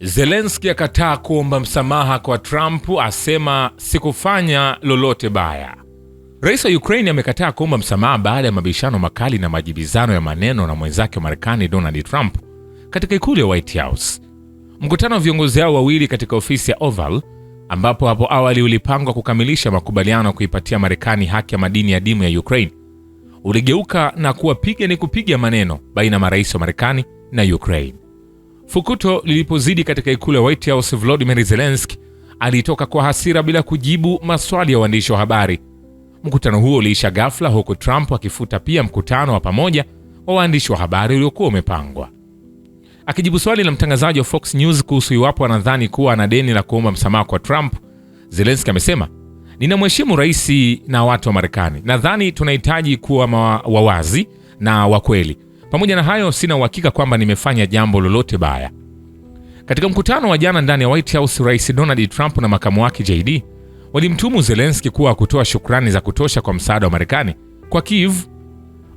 Zelenski akataa kuomba msamaha kwa Trump, asema sikufanya lolote baya. Rais wa Ukraini amekataa kuomba msamaha baada ya mabishano makali na majibizano ya maneno na mwenzake wa Marekani Donald Trump katika ikulu ya White House. Mkutano wa viongozi hao wawili katika ofisi ya Oval, ambapo hapo awali ulipangwa kukamilisha makubaliano ya kuipatia Marekani haki ya madini ya dimu ya Ukraine, uligeuka na kuwa piga ni kupiga maneno baina ya marais wa Marekani na Ukraine. Fukuto lilipozidi katika ikulu ya White House, Volodymyr Zelensky alitoka kwa hasira bila kujibu maswali ya waandishi wa habari. Mkutano huo uliisha ghafla, huku Trump akifuta pia mkutano wa pamoja wa waandishi wa habari uliokuwa umepangwa. Akijibu swali la mtangazaji wa Fox News kuhusu iwapo anadhani kuwa ana deni la kuomba msamaha kwa Trump, Zelensky amesema, ninamheshimu rais na watu wa Marekani. Nadhani tunahitaji kuwa wawazi na wakweli pamoja na hayo, sina uhakika kwamba nimefanya jambo lolote baya. Katika mkutano wa jana ndani ya White House, Rais Donald Trump na makamu wake JD walimtumu Zelensky kuwa kutoa shukrani za kutosha kwa msaada wa Marekani kwa Kiev.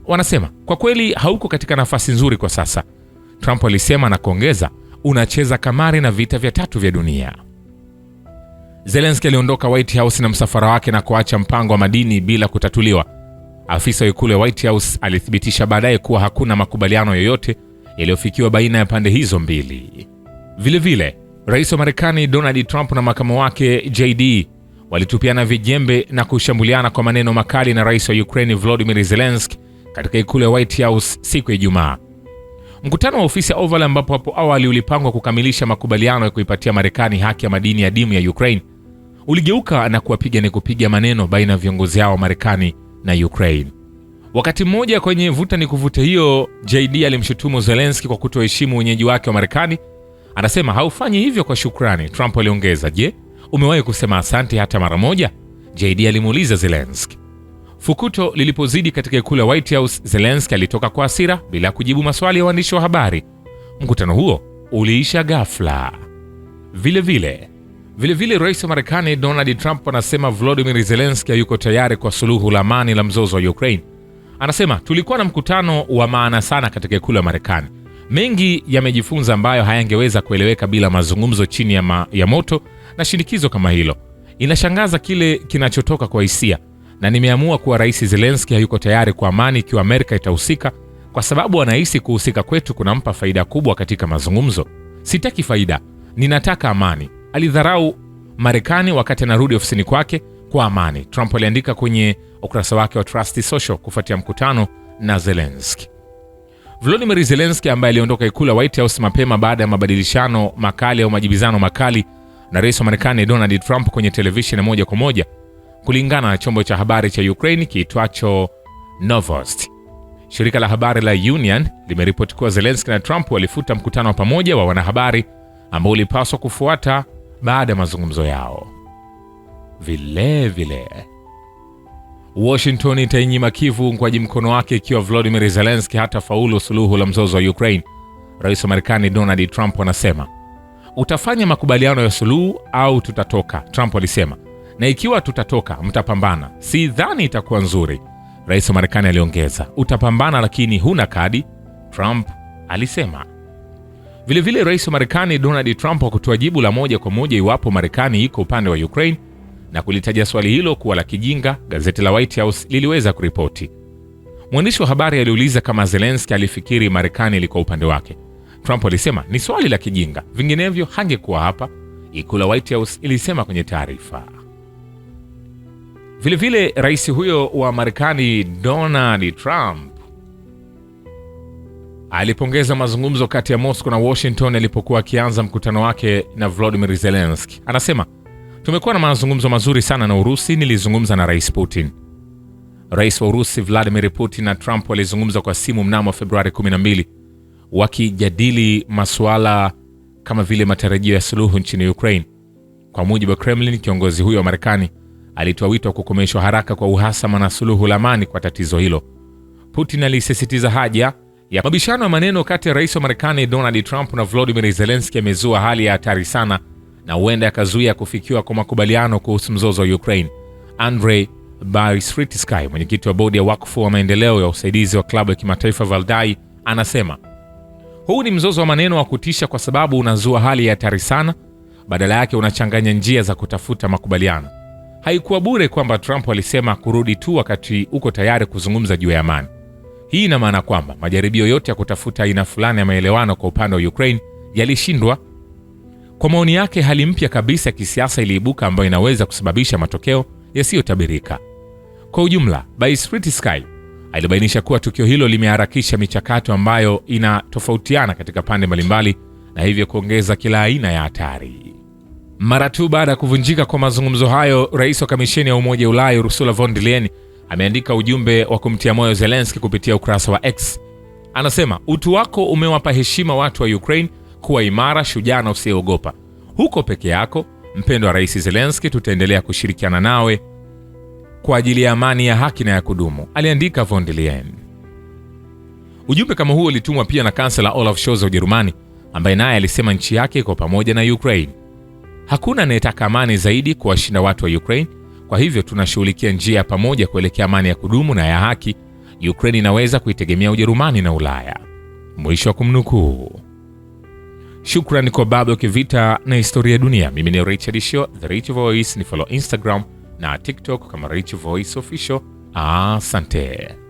Wanasema kwa kweli hauko katika nafasi nzuri kwa sasa, Trump alisema na kuongeza, unacheza kamari na vita vya tatu vya dunia. Zelensky aliondoka White House na msafara wake na kuacha mpango wa madini bila kutatuliwa. Afisa wa ikulu ya White House alithibitisha baadaye kuwa hakuna makubaliano yoyote yaliyofikiwa baina ya pande hizo mbili. Vilevile, rais wa Marekani Donald Trump na makamu wake JD walitupiana vijembe na kushambuliana kwa maneno makali na rais wa Ukraine Volodymyr Zelensky katika ikulu ya White House siku ya Ijumaa. Mkutano wa ofisi ya Oval ambapo hapo awali ulipangwa kukamilisha makubaliano ya kuipatia Marekani haki ya madini ya dimu ya Ukraine uligeuka na kuwapiga ni kupiga maneno baina ya viongozi hao wa Marekani na Ukraine. Wakati mmoja kwenye vuta ni kuvute hiyo, JD alimshutumu Zelensky kwa kutoheshimu wenyeji wake wa Marekani. Anasema haufanyi hivyo kwa shukrani. Trump aliongeza, je, umewahi kusema asante hata mara moja? JD alimuuliza Zelensky. Fukuto lilipozidi katika ikulu ya White House, Zelensky alitoka kwa hasira bila kujibu maswali ya waandishi wa habari. Mkutano huo uliisha ghafla. Vilevile Vilevile rais wa Marekani Donald Trump anasema Volodymyr Zelensky hayuko tayari kwa suluhu la amani la mzozo wa Ukraine. Anasema tulikuwa na mkutano wa maana sana katika ikulu ya Marekani, mengi yamejifunza ambayo hayangeweza kueleweka bila mazungumzo chini ya, ma, ya moto na shinikizo kama hilo. Inashangaza kile kinachotoka kwa hisia, na nimeamua kuwa rais Zelensky hayuko tayari kwa amani ikiwa Amerika itahusika, kwa sababu anahisi kuhusika kwetu kunampa faida kubwa katika mazungumzo. Sitaki faida, ninataka amani alidharau Marekani wakati anarudi ofisini kwake kwa amani, Trump aliandika kwenye ukurasa wake wa trusty Social kufuatia mkutano na Zelensky. Volodymyr Zelensky ambaye aliondoka ikulu White House mapema baada ya mabadilishano makali au majibizano makali na rais wa Marekani Donald Trump kwenye televisheni moja kwa moja, kulingana na chombo cha habari cha Ukraine kiitwacho novost Shirika la habari la Union limeripoti kuwa Zelensky na Trump walifuta mkutano wa pamoja wa wanahabari ambao ulipaswa kufuata baada ya mazungumzo yao. Vilevile vile, Washington itainyima Kivu mkwaji mkono wake ikiwa Volodymyr Zelensky hata faulu suluhu la mzozo wa Ukraine. Rais wa Marekani Donald Trump anasema utafanya makubaliano ya suluhu au tutatoka, Trump alisema, na ikiwa tutatoka, mtapambana. Si dhani itakuwa nzuri, rais wa Marekani aliongeza. Utapambana lakini huna kadi, Trump alisema. Vilevile rais wa Marekani Donald Trump hakutoa jibu la moja kwa moja iwapo Marekani iko upande wa Ukraine na kulitaja swali hilo kuwa la kijinga, gazeti la White House liliweza kuripoti. Mwandishi wa habari aliuliza kama zelenski alifikiri Marekani ilikuwa upande wake. Trump alisema ni swali la kijinga, vinginevyo hangekuwa hapa, ikulu White House ilisema kwenye taarifa. Vilevile rais huyo wa Marekani Donald Trump alipongeza mazungumzo kati ya Moscow na Washington alipokuwa akianza mkutano wake na Volodymyr Zelensky. Anasema, tumekuwa na mazungumzo mazuri sana na Urusi, nilizungumza na Rais Putin. Rais wa Urusi Vladimir Putin na Trump walizungumza kwa simu mnamo Februari 12 wakijadili masuala kama vile matarajio ya suluhu nchini Ukraine. Kwa mujibu wa Kremlin, kiongozi huyo wa Marekani alitoa wito wa kukomeshwa haraka kwa uhasama na suluhu la amani kwa tatizo hilo. Putin alisisitiza haja ya mabishano ya maneno kati ya rais wa Marekani Donald Trump na Volodimir zelenski yamezua hali ya hatari sana na huenda yakazuia kufikiwa kwa makubaliano kuhusu mzozo wa Ukraine. Andrei Baistritsky, mwenyekiti wa bodi ya wakfu wa maendeleo ya usaidizi wa klabu ya kimataifa Valdai, anasema huu ni mzozo wa maneno wa kutisha kwa sababu unazua hali ya hatari sana, badala yake unachanganya njia za kutafuta makubaliano. Haikuwa bure kwamba Trump alisema kurudi tu wakati uko tayari kuzungumza juu ya amani. Hii ina maana kwamba majaribio yote ya kutafuta aina fulani ya maelewano kwa upande wa Ukraine yalishindwa. Kwa maoni yake, hali mpya kabisa ya kisiasa iliibuka ambayo inaweza kusababisha matokeo yasiyotabirika. Kwa ujumla, Baistritsky alibainisha kuwa tukio hilo limeharakisha michakato ambayo inatofautiana katika pande mbalimbali na hivyo kuongeza kila aina ya hatari. Mara tu baada ya kuvunjika kwa mazungumzo hayo, rais wa kamisheni ya Umoja wa Ulaya Ursula von der Leyen ameandika ujumbe wa kumtia moyo Zelensky kupitia ukurasa wa X. Anasema utu wako umewapa heshima watu wa Ukraine kuwa imara, shujaa na usiogopa. Huko peke yako, mpendo wa Rais Zelensky, tutaendelea kushirikiana nawe kwa ajili ya amani ya haki na ya kudumu, aliandika von der Leyen. Ujumbe kama huo ulitumwa pia na kansela Olaf Scholz wa Ujerumani, ambaye naye alisema nchi yake iko pamoja na Ukraine. Hakuna anayetaka amani zaidi kuwashinda watu wa Ukraine, kwa hivyo tunashughulikia njia ya pamoja kuelekea amani ya kudumu na ya haki. Ukraine inaweza kuitegemea Ujerumani na Ulaya. Mwisho wa kumnukuu. Shukrani kwa baba wa kivita na historia ya dunia. Mimi ni Richard Shaw, The Rich Voice. Ni follow Instagram na TikTok kama Rich Voice Official. Asante.